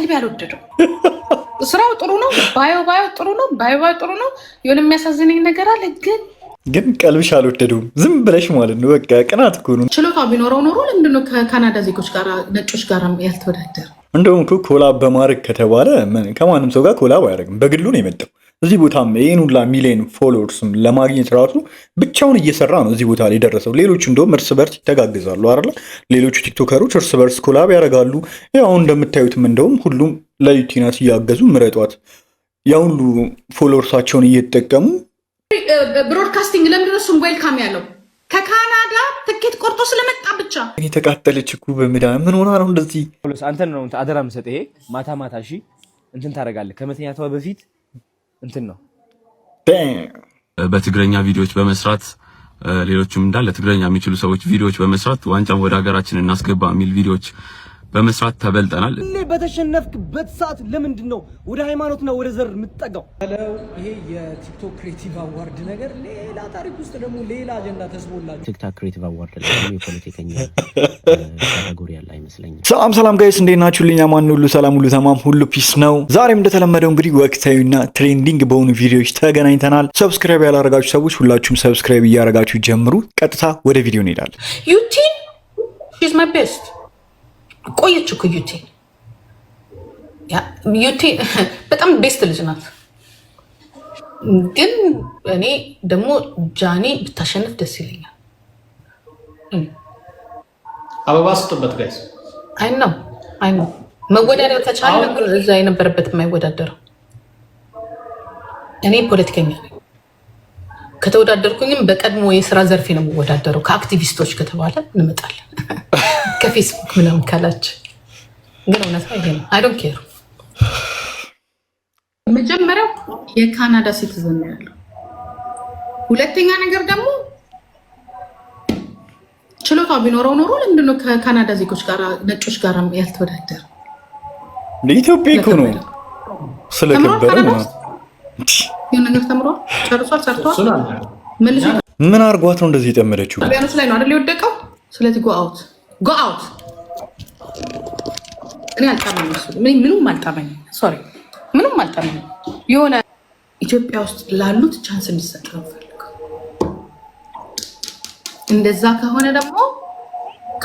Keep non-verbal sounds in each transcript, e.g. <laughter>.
ቀልቤ አልወደደው። ስራው ጥሩ ነው፣ ባዮ ባዮ ጥሩ ነው፣ ባዮ ባዮ ጥሩ ነው። የሆነ የሚያሳዝነኝ ነገር አለ ግን ግን ቀልብሽ አልወደደውም። ዝም ብለሽ ማለት ነው። በቃ ቅናት እኮ ነው። ቢኖረው ኖሮ ለምንድነው ከካናዳ ዜጎች ጋር ነጮች ጋር ያልተወዳደር? እንደውም ኮላብ በማድረግ ከተባለ ከማንም ሰው ጋር ኮላብ አያደርግም። በግሉ ነው የመጣው። እዚህ ቦታ ይህን ሁላ ሚሊዮን ፎሎወርስም ለማግኘት ራሱ ብቻውን እየሰራ ነው እዚህ ቦታ ላይ ደረሰው። ሌሎች እንደውም እርስ በርስ ይተጋግዛሉ አይደለ? ሌሎቹ ቲክቶከሮች እርስ በርስ ኮላብ ያደርጋሉ። ያው እንደምታዩትም እንደውም ሁሉም ለዩቲናት እያገዙ ምረጧት ያ ሁሉ ፎሎወርሳቸውን እየተጠቀሙ ብሮድካስቲንግ ለምንድን ዌልካም ያለው ከካናዳ ትኬት ቆርጦ ስለመጣ ብቻ የተቃጠለች እኮ በሜዳ ምን ሆና ነው እንደዚህ? አንተን ነው አደራ ምሰጥ። ይሄ ማታ ማታ እሺ እንትን ታደርጋለህ ከመተኛቷ በፊት እንትን ነው በትግረኛ ቪዲዮዎች በመስራት ሌሎችም እንዳለ ትግረኛ የሚችሉ ሰዎች ቪዲዮዎች በመስራት ዋንጫም ወደ ሀገራችን እናስገባ የሚል ቪዲዮዎች በመስራት ተበልጠናል። ሁሌ በተሸነፍክበት ሰዓት ለምንድን ነው ወደ ሃይማኖትና ወደ ዘር የምትጠጋው? ይሄ የቲክቶክ ክሬቲቭ አዋርድ ነገር ሌላ ታሪክ ውስጥ ደግሞ ሌላ አጀንዳ ተስቦላቸው ቲክቶክ ክሬቲቭ አዋርድ ላይ የፖለቲከኛ <laughs> ካታጎሪ ያለ አይመስለኝም። ሰላም ሰላም ጋይስ እንዴት ናችሁልኝ? ማን ሁሉ ሰላም ሁሉ ተማም ሁሉ ፒስ ነው። ዛሬም እንደተለመደው እንግዲህ ወቅታዊና ትሬንዲንግ በሆኑ ቪዲዮዎች ተገናኝተናል። ሰብስክራይብ ያላረጋችሁ ሰዎች ሁላችሁም ሰብስክራይብ እያረጋችሁ ጀምሩ። ቀጥታ ወደ ቪዲዮ እንሄዳለን። ማይ ቤስት ቆየች እኮ ዩቴ ዩቴ በጣም ቤስት ልጅ ናት። ግን እኔ ደግሞ ጃኒ ብታሸንፍ ደስ ይለኛል። አበባ ስጡበት ጋይስ። አይ ነው አይ ነው መወዳደር ተቻለ እዛ የነበረበት የማይወዳደረው እኔ ፖለቲከኛ ነኝ። ከተወዳደርኩኝም በቀድሞ የስራ ዘርፌ ነው የምወዳደረው። ከአክቲቪስቶች ከተባለ እንመጣለን። <laughs> ከፌስቡክ ምናምን ካላች ግን ይሄ ነው። አይ ኬር። መጀመሪያው የካናዳ ሲቲዝን ነው ያለው። ሁለተኛ ነገር ደግሞ ችሎታ ቢኖረው ኖሮ ለምንድነው ከካናዳ ዜጎች ጋር ነጮች ጋር ያልተወዳደረ? ኢትዮጵያ ነው ይህን ነገር ተምሯል፣ ጨርሷል፣ ሰርቷል። ምን አርጓት ነው እንደዚህ የጠመደችው? ቢያነስ ላይ ነው አይደል የወደቀው። ስለዚህ ጎ አውት ጎ አውት። እኔ አልጣመኝም፣ ምንም አልጣመኝም። ሶሪ ምንም አልጣመኝም። የሆነ ኢትዮጵያ ውስጥ ላሉት ቻንስ እንዲሰጥ ነው ፈልገው። እንደዛ ከሆነ ደግሞ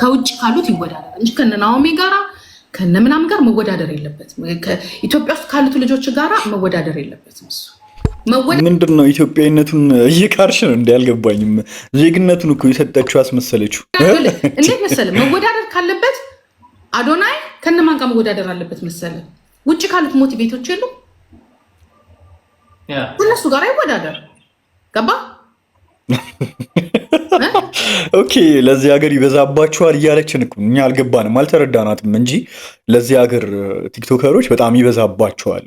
ከውጭ ካሉት ይወዳደር እንጂ ከነናኦሚ ጋራ ከነምናም ጋር መወዳደር የለበትም። ኢትዮጵያ ውስጥ ካሉት ልጆች ጋራ መወዳደር የለበትም እሱ ምንድን ነው ኢትዮጵያዊነቱን እየካርሽ ነው? እንዲ አልገባኝም። ዜግነቱን እኮ የሰጠችው አስመሰለችው። እንዴት መሰለ መወዳደር ካለበት አዶናይ ከነማን ጋር መወዳደር አለበት መሰለ? ውጭ ካሉት ሞቲቤቶች የሉ እነሱ ጋር ይወዳደር ገባ <laughs> ኦኬ። ለዚህ ሀገር ይበዛባችኋል እያለችን እኛ አልገባንም፣ አልተረዳናትም እንጂ ለዚህ ሀገር ቲክቶከሮች በጣም ይበዛባችኋል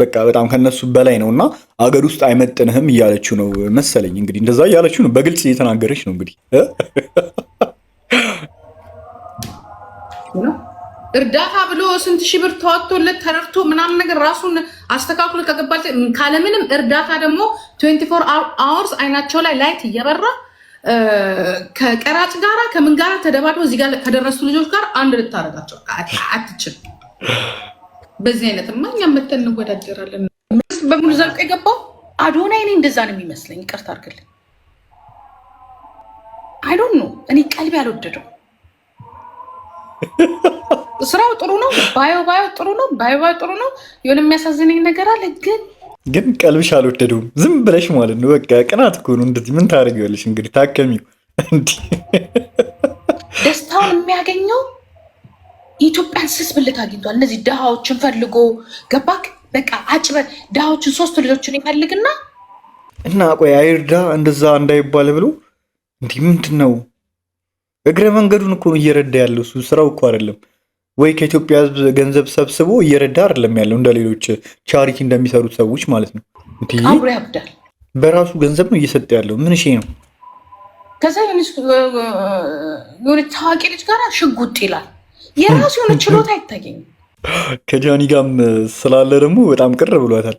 በቃ በጣም ከነሱ በላይ ነው እና አገር ውስጥ አይመጥንህም እያለችው ነው መሰለኝ። እንግዲህ እንደዛ እያለችው ነው፣ በግልጽ እየተናገረች ነው። እንግዲህ እርዳታ ብሎ ስንት ሺህ ብር ተዋጥቶለት ተረድቶ ምናምን ነገር ራሱን አስተካክሎ ከገባ ካለምንም እርዳታ ደግሞ ትዌንቲ ፎር አወርስ አይናቸው ላይ ላይት እየበራ ከቀራጭ ጋራ ከምን ጋራ ተደባድቦ እዚህ ጋር ከደረሱ ልጆች ጋር አንድ ልታረጋቸው አትችልም። በዚህ አይነት ማ እኛ መተን እንወዳጀራለን። በሙሉ ዘልቆ የገባው አዶናይ እኔ እንደዛ ነው የሚመስለኝ። ቀርት አድርግልኝ። አይዶን ነው እኔ ቀልብ አልወደደው። ስራው ጥሩ ነው፣ ባዮ ባዮ ጥሩ ነው፣ ባዮ ባዮ ጥሩ ነው። የሆነ የሚያሳዝነኝ ነገር አለ ግን ግን ቀልብሽ አልወደደውም። ዝም ብለሽ ማለት ነው በቃ ቅናት እኮ ነው። እንደዚህ ምን ታደርጊዋለሽ እንግዲህ ታከሚው። እንዲህ ደስታውን የሚያገኘው የኢትዮጵያን ስስ ብልት አግኝቷል። እነዚህ ድሃዎችን ፈልጎ ገባክ? በቃ አጭበ ድሃዎችን ሶስት ልጆችን ይፈልግና እና ቆይ አይርዳ እንደዛ እንዳይባል ብሎ እንዲህ ምንድን ነው እግረ መንገዱን እኮ እየረዳ ያለው እሱ ስራው እኮ አይደለም ወይ ከኢትዮጵያ ህዝብ ገንዘብ ሰብስቦ እየረዳ አይደለም ያለው እንደ ሌሎች ቻሪቲ እንደሚሰሩት ሰዎች ማለት ነው። አብሮ ያብዳል። በራሱ ገንዘብ ነው እየሰጠ ያለው። ምን ሽ ነው። ከዛ የሆነች ታዋቂ ልጅ ጋር ሽጉጥ ይላል የራሱ የሆነ ችሎታ አይታየኝም። ከጃኒ ጋም ስላለ ደግሞ በጣም ቅር ብሏታል።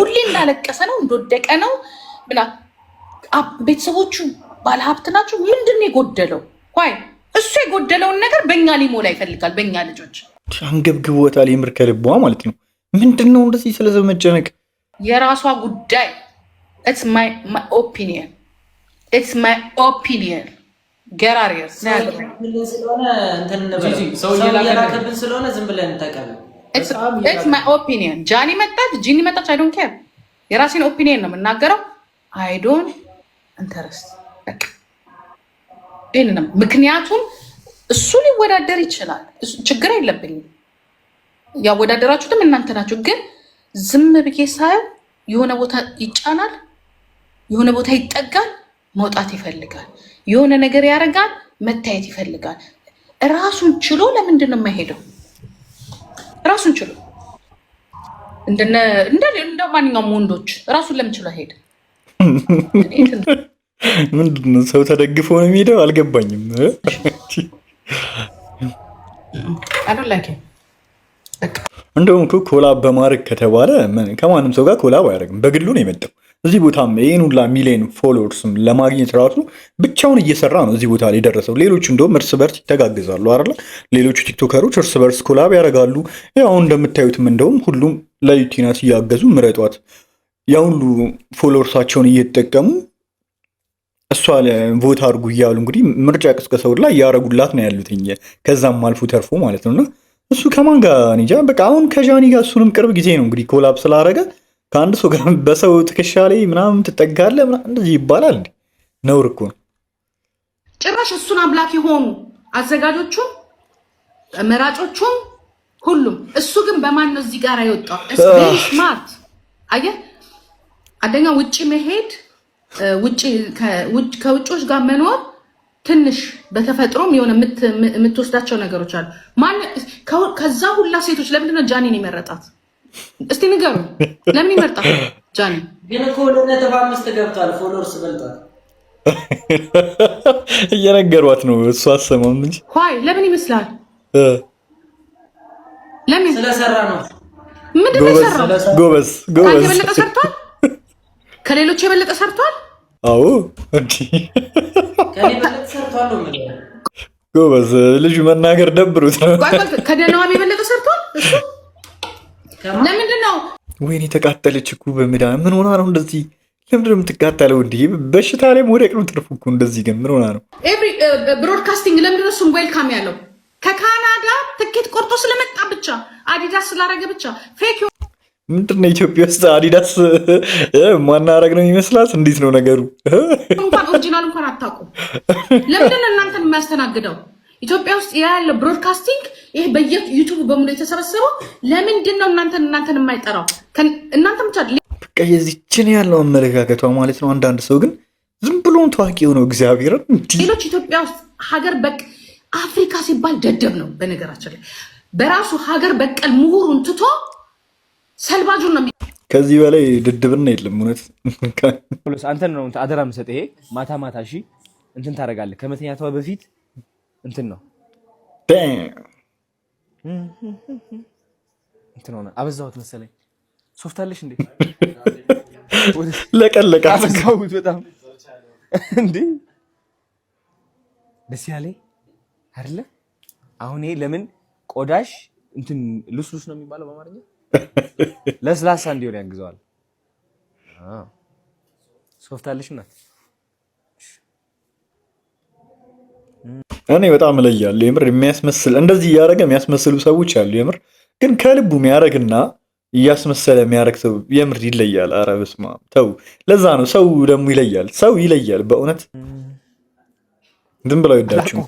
ሁሌ እንዳለቀሰ ነው እንደወደቀ ነው ብላ ቤተሰቦቹ ባለሀብት ናቸው። ምንድን የጎደለው? ይ እሱ የጎደለውን ነገር በእኛ ሊሞላ ይፈልጋል። በእኛ ልጆች አንገብግቦታል። የምር ከልቧ ማለት ነው። ምንድን ነው እንደዚህ ስለዚህ መጨነቅ? የራሷ ጉዳይ ኢትስ ማይ ኦፒኒየን ኢትስ ማይ ኦፒኒየን ገራሪየርስ ስለሆነ እንትን ስለሆነ ዝም ብለን እንጠቀም። ማይ ኦፒኒየን። ጃኒ መጣች፣ ጂኒ መጣች፣ አይ ዶንት ኬር። የራሴን ኦፒኒየን ነው የምናገረው። አይ ዶንት ኢንተረስት። ይህንንም ምክንያቱም እሱ ሊወዳደር ይችላል። ችግር የለብኝም። ያወዳደራችሁትም እናንተ ናችሁ። ግን ዝም ብዬ ሳየው የሆነ ቦታ ይጫናል፣ የሆነ ቦታ ይጠጋል፣ መውጣት ይፈልጋል። የሆነ ነገር ያደርጋል፣ መታየት ይፈልጋል። ራሱን ችሎ ለምንድን ነው የማይሄደው? ራሱን ችሎ እንደ ማንኛውም ወንዶች ራሱን ለምን ችሎ አይሄድም? <laughs> ምንድን ነው ሰው ተደግፎ ነው የሚሄደው? አልገባኝም። እንደውም ኮላብ በማድረግ ከተባለ ከማንም ሰው ጋር ኮላብ አያደርግም። በግሉ ነው የመጣው እዚህ ቦታ ይህን ሁላ ሚሊዮን ፎሎወርስም ለማግኘት ራሱ ብቻውን እየሰራ ነው እዚህ ቦታ ላይ ደረሰው። ሌሎቹ እንደውም እርስ በርስ ይተጋግዛሉ አይደለ? ሌሎቹ ቲክቶከሮች እርስ በርስ ኮላብ ያደርጋሉ። ያው እንደምታዩትም እንደውም ሁሉም ለዩቲናት እያገዙ ምረጧት ያ ሁሉ ፎሎወርሳቸውን እየተጠቀሙ እሷ ቮት አድርጉ እያሉ እንግዲህ ምርጫ ቅስቀሰው ላይ እያረጉላት ነው ያሉት። ከዛም አልፎ ተርፎ ማለት ነውና እሱ ከማን ጋር እኔ እንጃ። በቃ አሁን ከዣኒ ጋር እሱንም ቅርብ ጊዜ ነው እንግዲህ ኮላብ ስላረገ ከአንድ ሰው ጋር በሰው ትከሻ ላይ ምናምን ትጠጋለ እንደዚህ ይባላል። ነውር እኮ ጭራሽ። እሱን አምላክ የሆኑ አዘጋጆቹም መራጮቹም ሁሉም። እሱ ግን በማን ነው እዚህ ጋር የወጣው? ስማርት አንደኛ ውጭ መሄድ፣ ከውጭዎች ጋር መኖር ትንሽ በተፈጥሮም የሆነ የምትወስዳቸው ነገሮች አሉ። ከዛ ሁላ ሴቶች ለምንድነው ጃኒን የመረጣት? እስቲ ንገሩ፣ ለምን ይመርጣል? ጃኒ ግን እኮ ሁለት ነጥብ አምስት ገብቷል፣ ፎሎርስ በልጧል። እየነገሯት ነው እሱ አሰማም እንጂ ይ ለምን ይመስላል? ለምን ስለሰራ ነው። ምንድን ነው የሰራው? ጎበዝ ጎበዝ። የበለጠ ሰርቷል፣ ከሌሎች የበለጠ ሰርቷል። አዎ ጎበዝ ልጁ መናገር ደብሩት ነው። ከደህናዋም የበለጠ ሰርቷል እሱ ለምንድን ነው ወይኔ የተቃጠለች እኮ በምዳ ምን ሆና ነው እንደዚህ ለምንድን ነው የምትቃጠለው? እንዲህ በሽታ ላይ ወደ ነው ትርፉ እኮ እንደዚህ ግን ምን ሆና ነው? ብሮድካስቲንግ ለምንድን ነው እሱም ዌልካም ያለው ከካናዳ ትኬት ቆርጦ ስለመጣ ብቻ አዲዳስ ስላረገ ብቻ ፌክ ምንድን ነው ኢትዮጵያ ውስጥ አዲዳስ ማናረግ ነው የሚመስላት እንዴት ነው ነገሩ? እንኳን ኦሪጂናል እንኳን አታውቁም። ለምንድን ነው እናንተን የሚያስተናግደው? ኢትዮጵያ ውስጥ ያለው ብሮድካስቲንግ ይሄ በየዩቱብ በሙሉ የተሰበሰበው ለምንድን ነው እናንተን እናንተን የማይጠራው? እናንተ ብቻ በቃ የዚችን ያለው አመለካከቷ ማለት ነው። አንዳንድ ሰው ግን ዝም ብሎም ታዋቂ የሆነው እግዚአብሔርን ሌሎች ኢትዮጵያ ውስጥ ሀገር በቅ አፍሪካ ሲባል ደደብ ነው። በነገራችን ላይ በራሱ ሀገር በቀል ምሁሩን ትቶ ሰልባጁን ነው። ከዚህ በላይ ድድብና የለም። እውነት አንተን ነው አደራ ምሰጥ። ይሄ ማታ ማታ እሺ እንትን ታደርጋለህ ከመተኛቷ በፊት እንትን ነው እንትን ሆነ። አበዛሁት መሰለኝ። ሶፍት አለሽ እንዴ? አበዛሁት በጣም እንዴ። ደስ ያለ አይደለ? አሁን ይሄ ለምን ቆዳሽ እንትን ልስሉስ ነው የሚባለው በአማርኛ ለስላሳ እንዲሆን ያግዘዋል። ሶፍት አለሽ እናት እኔ በጣም እለያለሁ የምር የሚያስመስል እንደዚህ እያደረገ የሚያስመስሉ ሰዎች አሉ። የምር ግን ከልቡ የሚያደርግና እያስመሰለ የሚያደርግ ሰው የምር ይለያል። ኧረ በስመ አብ ተው። ለዛ ነው ሰው ደግሞ ይለያል። ሰው ይለያል በእውነት ዝም ብለው ይዳችሁ።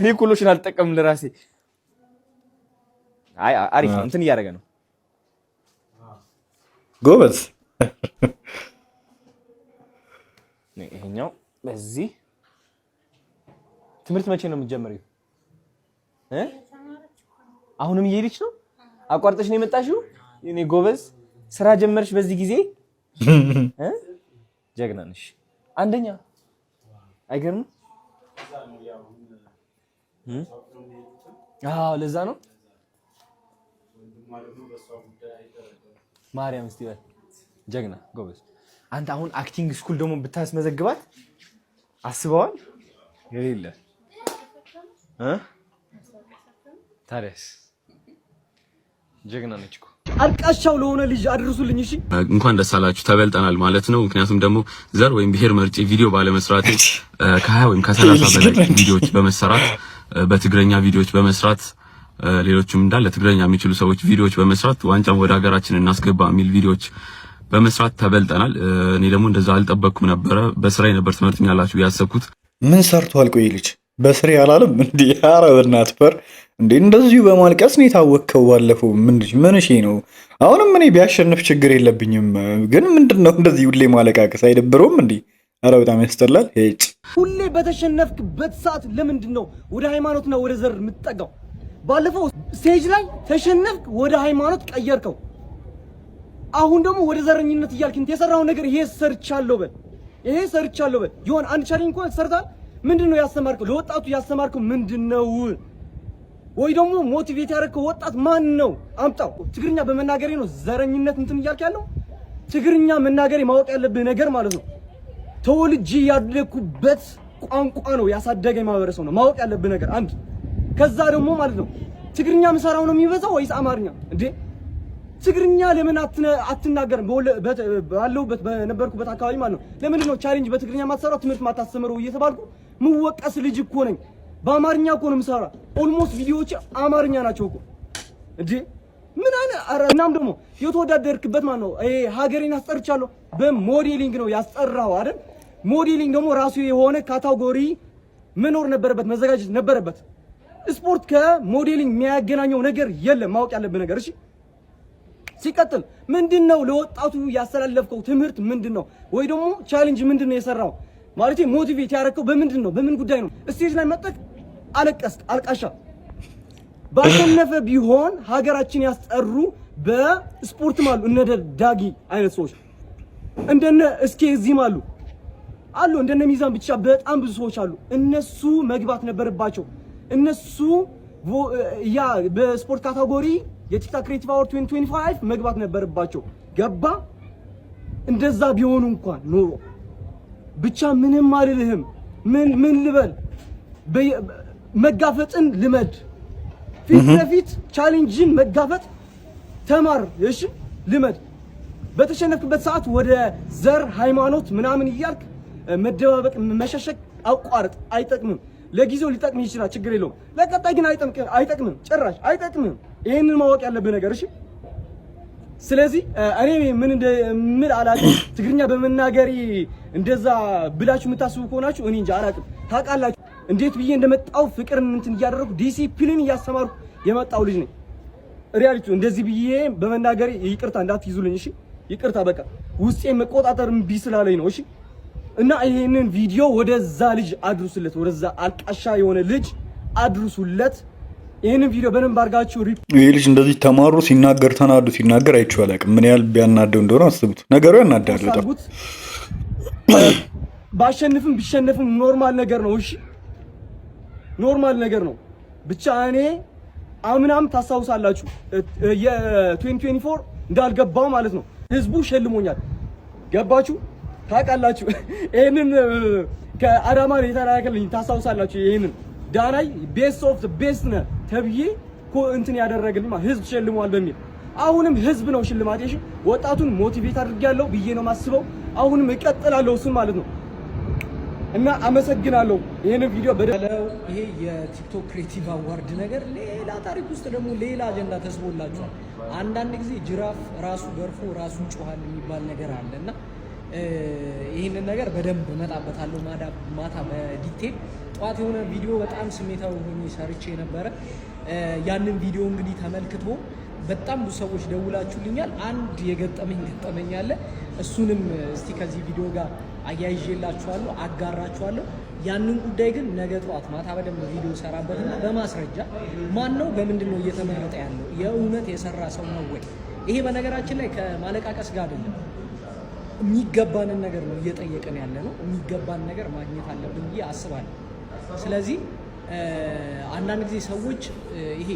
እኔ ኩሎሽን አልጠቀምም ለራሴ። አይ አሪፍ እንትን እያደረገ ነው ጎበዝ። ይሄኛው በዚህ ትምህርት መቼ ነው የምትጀምሪው? አሁንም እየሄድሽ ነው? አቋርጠሽ ነው የመጣሽው? እኔ ጎበዝ ስራ ጀመርሽ በዚህ ጊዜ <laughs> ጀግና ነሽ። አንደኛ አይገርምም? አዎ ለዛ ነው ማርያም እስቲ በል ጀግና ጎበዝ። አንተ አሁን አክቲንግ ስኩል ደግሞ ብታስመዘግባት አስበዋል የሌለ ታዲያስ ጀግና ነች እኮ። ለሆነ ልጅ አድርሱልኝ። እሺ እንኳን ደስ አላችሁ። ተበልጠናል ማለት ነው። ምክንያቱም ደግሞ ዘር ወይም ብሔር መርጬ ቪዲዮ ባለመስራቴ ከሀያ ወይም ከሰላሳ በላይ ቪዲዮዎች በመሰራት በትግረኛ ቪዲዮዎች በመስራት ሌሎችም እንዳለ ትግረኛ የሚችሉ ሰዎች ቪዲዮዎች በመስራት ዋንጫም ወደ ሀገራችን እናስገባ የሚል ቪዲዮዎች በመስራት ተበልጠናል። እኔ ደግሞ እንደዛ አልጠበቅኩም ነበረ። በስራዬ ነበር ትምህርት ያላችሁ ያሰብኩት። ምን ሰርቷል? ቆይ ልጅ በስሪ አላለም እንዲ አረብ በእናትህ በር እንዴ እንደዚሁ በማልቀስ ነው የታወቅከው። ባለፈው ምን ሺ ነው? አሁንም እኔ ቢያሸንፍ ችግር የለብኝም፣ ግን ምንድን ነው እንደዚህ ሁሌ ማለቃቀስ አይደብረውም? እንዴ? ኧረ በጣም ያስጠላል። ጭ ሁሌ በተሸነፍክበት ሰዓት ለምንድን ነው ወደ ሃይማኖትና ወደ ዘር የምትጠጋው? ባለፈው ስቴጅ ላይ ተሸነፍክ፣ ወደ ሃይማኖት ቀየርከው። አሁን ደግሞ ወደ ዘረኝነት እያልክ የሰራው ነገር ይሄ ሰርቻለሁ በል፣ ይሄ ሰርቻለሁ በል። ይሆን አንድ ቻሌንጅ እንኳን ሰርታል ምንድን ነው ያስተማርከው? ለወጣቱ ያስተማርከው ምንድን ነው? ወይ ደግሞ ሞቲቬት ያደረከው ወጣት ማን ነው? አምጣው። ትግርኛ በመናገሬ ነው ዘረኝነት እንትን እያልክ ያለው ትግርኛ መናገሬ ማወቅ ያለብህ ነገር ማለት ነው። ተወልጄ ያደግኩበት ቋንቋ ነው ያሳደገኝ ማህበረሰብ ነው ማወቅ ያለብህ ነገር አንድ። ከዛ ደግሞ ማለት ነው ትግርኛ ምሰራው ነው የሚበዛው ወይስ አማርኛ? እንዴ ትግርኛ ለምን አትናገርም? ባለሁበት በነበርኩበት አካባቢ ማለት ነው ለምንድን ነው ቻሌንጅ በትግርኛ ማትሰራው ትምህርት ማታስተምረው እየተባልኩ ምወቀስ ልጅ እኮ ነኝ። በአማርኛ እኮ ነው የምሰራ። ኦልሞስት ቪዲዮዎች አማርኛ ናቸው እኮ እንዴ ምን አለ። እናም ደግሞ የተወዳደርክበት ማን ነው ይሄ ሀገሬን አስጠርቻለሁ በሞዴሊንግ ነው ያስጠራው አይደል? ሞዴሊንግ ደግሞ ራሱ የሆነ ካታጎሪ መኖር ነበረበት፣ መዘጋጀት ነበረበት። ስፖርት ከሞዴሊንግ የሚያገናኘው ነገር የለም። ማወቅ ያለብህ ነገር እሺ። ሲቀጥል ምንድን ነው ለወጣቱ ያስተላለፍከው ትምህርት ምንድን ነው? ወይ ደግሞ ቻሌንጅ ምንድን ነው የሰራው? ማለት ሞቲቬት ያደረከው በምንድን ነው? በምን ጉዳይ ነው? ስቴጅ ላይ መጠቅ አለቀስክ፣ አልቃሻ። ባሸነፈ ቢሆን ሀገራችን ያስጠሩ በስፖርትም አሉ እነ ዳጊ አይነት ሰዎች እንደነ እስኬ እዚህም አሉ አሉ እንደነ ሚዛን ብቻ በጣም ብዙ ሰዎች አሉ። እነሱ መግባት ነበረባቸው። እነሱ ያ በስፖርት ካታጎሪ የቲክታክ ክሬቲቭ አወር 2025 መግባት ነበረባቸው። ገባ እንደዛ ቢሆኑ እንኳን ኖሮ ብቻ ምንም አልልህም። ምን ምን ልበል? መጋፈጥን ልመድ። ፊት ለፊት ቻሌንጅን መጋፈጥ ተማር፣ እሺ ልመድ። በተሸነፍክበት ሰዓት ወደ ዘር ሃይማኖት ምናምን እያልክ መደባበቅ፣ መሸሸግ አቋርጥ። አይጠቅምም። ለጊዜው ሊጠቅም ይችላል፣ ችግር የለውም። ለቀጣይ ግን አይጠቅምም፣ ጭራሽ አይጠቅምም። ይህንን ማወቅ ያለብህ ነገር እሺ ስለዚህ እኔ ምን እንደምል አላውቅም። ትግርኛ በመናገሪ እንደዛ ብላችሁ የምታስቡ ከሆናችሁ እኔ እንጂ አላውቅም። ታውቃላችሁ እንዴት ብዬ እንደመጣው ፍቅር እንትን እያደረኩ ዲሲፕሊን እያስተማርኩ የመጣው ልጅ ነኝ። ሪያሊቲ እንደዚህ ብዬ በመናገሪ ይቅርታ እንዳትይዙልኝ እሺ። ይቅርታ በቃ ውስጤ መቆጣጠር እምቢ ስላለኝ ነው እሺ። እና ይሄንን ቪዲዮ ወደዛ ልጅ አድርሱለት፣ ወደዛ አልቃሻ የሆነ ልጅ አድርሱለት። ይህንን ቪዲዮ በደንብ አድርጋችሁ ይህ ልጅ እንደዚህ ተማሩ ሲናገር ተናዱ ሲናገር አይቼው አላውቅም። ምን ያህል ቢያናደው እንደሆነ አስቡት። ነገሩ ያናዳል ባሸንፍም ቢሸነፍም ኖርማል ነገር ነው። እሺ ኖርማል ነገር ነው። ብቻ እኔ አምናም ታስታውሳላችሁ የ2024 እንዳልገባው ማለት ነው ህዝቡ ሸልሞኛል። ገባችሁ ታውቃላችሁ። <laughs> ይህንን ከአዳማ የተላከልኝ ታስታውሳላችሁ ይህንን ዳናይ ቤስት ኦፍ ቤስት ነህ ተብዬ እኮ እንትን ያደረግልኝ ህዝብ ሸልሟል በሚል አሁንም ህዝብ ነው ሽልማት። እሺ ወጣቱን ሞቲቬት አድርጌያለሁ ብዬ ነው ማስበው። አሁንም እቀጥላለሁ እሱን ማለት ነው። እና አመሰግናለሁ። ይሄን ቪዲዮ በደለው። ይሄ የቲክቶክ ክሬቲቭ አዋርድ ነገር ሌላ ታሪክ ውስጥ ደግሞ ሌላ አጀንዳ ተስቦላችኋል። አንዳንድ ጊዜ ጅራፍ ራሱ ገርፎ ራሱ ጮኋል የሚባል ነገር አለ እና ይህንን ነገር በደንብ እመጣበታለሁ ማታ በዲቴል ጠዋት የሆነ ቪዲዮ በጣም ስሜታዊ ሆኜ ሰርቼ ነበረ። ያንን ቪዲዮ እንግዲህ ተመልክቶ በጣም ብዙ ሰዎች ደውላችሁልኛል። አንድ የገጠመኝ ገጠመኝ አለ። እሱንም እስቲ ከዚህ ቪዲዮ ጋር አያይዤላችኋለሁ፣ አጋራችኋለሁ። ያንን ጉዳይ ግን ነገ ጠዋት ማታ በደንብ ቪዲዮ ሰራበትና በማስረጃ ማን ነው በምንድን ነው እየተመረጠ ያለው የእውነት የሰራ ሰው ነው ወይ? ይሄ በነገራችን ላይ ከማለቃቀስ ጋር አይደለም። የሚገባንን ነገር ነው እየጠየቅን ያለ ነው። የሚገባን ነገር ማግኘት አለብን ብዬ አስባለሁ። ስለዚህ አንዳንድ ጊዜ ሰዎች ይሄ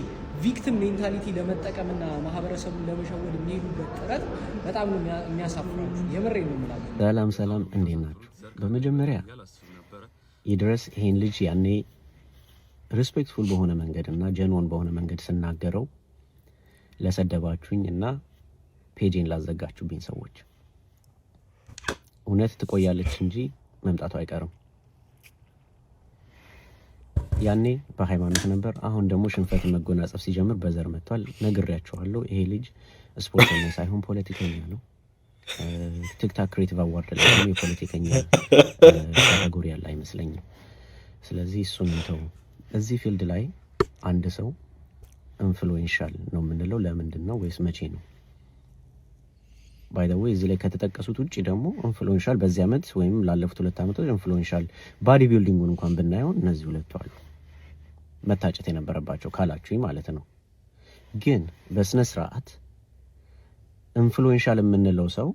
ቪክቲም ሜንታሊቲ ለመጠቀምና ማህበረሰቡን ለመሸወድ የሚሄዱበት ጥረት በጣም ነው የሚያሳፍራችሁ። የምሬ ነው የምላችሁ። ሰላም ሰላም፣ እንዴት ናችሁ? በመጀመሪያ ይድረስ ይሄን ልጅ ያኔ ሪስፔክትፉል በሆነ መንገድ እና ጀንወን በሆነ መንገድ ስናገረው ለሰደባችሁኝ እና ፔጄን ላዘጋችሁብኝ ሰዎች እውነት ትቆያለች እንጂ መምጣቱ አይቀርም። ያኔ በሃይማኖት ነበር። አሁን ደግሞ ሽንፈት መጎናጸፍ ሲጀምር በዘር መጥቷል። ነግሬያቸዋለሁ። ይሄ ልጅ ስፖርተኛ ሳይሆን ፖለቲከኛ ነው። ቲክታክ ክሬቲቭ አዋርድ ላይ የፖለቲከኛ ካተጎሪ ያለ አይመስለኝም። ስለዚህ እሱን እንተው። እዚህ ፊልድ ላይ አንድ ሰው ኢንፍሉዌንሻል ነው የምንለው ለምንድን ነው ወይስ መቼ ነው? ባይ ዘ ወይ እዚህ ላይ ከተጠቀሱት ውጭ ደግሞ ኢንፍሉዌንሻል በዚህ ዓመት ወይም ላለፉት ሁለት ዓመቶች ኢንፍሉዌንሻል ባዲ ቢልዲንጉን እንኳን ብናየው እነዚህ ሁለቱ አሉ። መታጨት የነበረባቸው ካላችሁኝ ማለት ነው። ግን በስነ ስርዓት ኢንፍሉዌንሻል የምንለው ሰው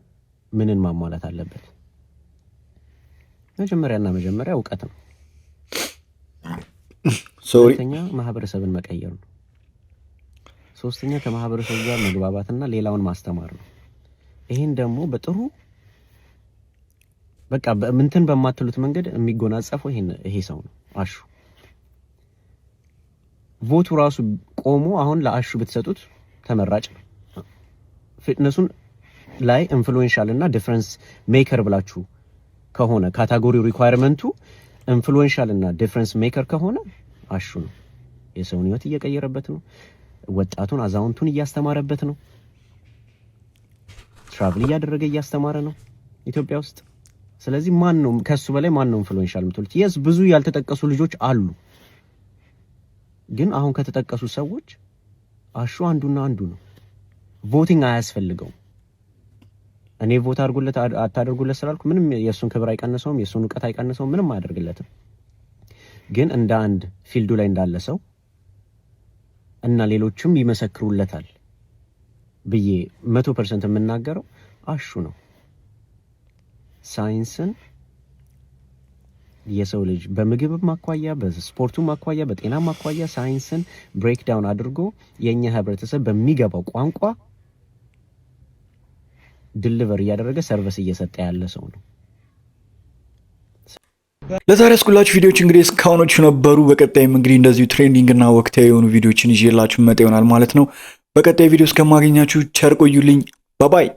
ምንን ማሟላት አለበት? መጀመሪያና መጀመሪያ እውቀት ነው። ሁለተኛ ማህበረሰብን መቀየር ነው። ሶስተኛ ከማህበረሰቡ ጋር መግባባትና ሌላውን ማስተማር ነው። ይህን ደግሞ በጥሩ በቃ ምንትን በማትሉት መንገድ የሚጎናጸፈው ይሄ ሰው ነው አሹ ቮቱ ራሱ ቆሞ አሁን ለአሹ ብትሰጡት ተመራጭ ነው። ፊትነሱን ላይ ኢንፍሉዌንሻል እና ዲፍረንስ ሜከር ብላችሁ ከሆነ ካታጎሪ ሪኳየርመንቱ ኢንፍሉዌንሻል እና ዲፍረንስ ሜከር ከሆነ አሹ ነው። የሰውን ህይወት እየቀየረበት ነው። ወጣቱን አዛውንቱን እያስተማረበት ነው። ትራቭል እያደረገ እያስተማረ ነው ኢትዮጵያ ውስጥ። ስለዚህ ማን ነው ከሱ በላይ ማን ነው ኢንፍሉዌንሻል የምትሉት? የስ ብዙ ያልተጠቀሱ ልጆች አሉ። ግን አሁን ከተጠቀሱ ሰዎች አሹ አንዱና አንዱ ነው። ቮቲንግ አያስፈልገውም። እኔ ቮት አድርጉለት አታደርጉለት ስላልኩ ምንም የእሱን ክብር አይቀንሰውም፣ የእሱን እውቀት አይቀንሰውም፣ ምንም አያደርግለትም። ግን እንደ አንድ ፊልዱ ላይ እንዳለ ሰው እና ሌሎችም ይመሰክሩለታል ብዬ መቶ ፐርሰንት የምናገረው አሹ ነው። ሳይንስን የሰው ልጅ በምግብ ማኳያ፣ በስፖርቱ ማኳያ፣ በጤና ማኳያ ሳይንስን ብሬክዳውን አድርጎ የእኛ ህብረተሰብ በሚገባው ቋንቋ ድልቨር እያደረገ ሰርቨስ እየሰጠ ያለ ሰው ነው። ለዛሬ ያስኩላችሁ ቪዲዮዎች እንግዲህ እስካሁኖቹ ነበሩ። በቀጣይም እንግዲህ እንደዚሁ ትሬንዲንግ እና ወቅታዊ የሆኑ ቪዲዮዎችን ይዤላችሁ መጣ ይሆናል ማለት ነው። በቀጣይ ቪዲዮ እስከማገኛችሁ ቸር ቆዩልኝ። ባባይ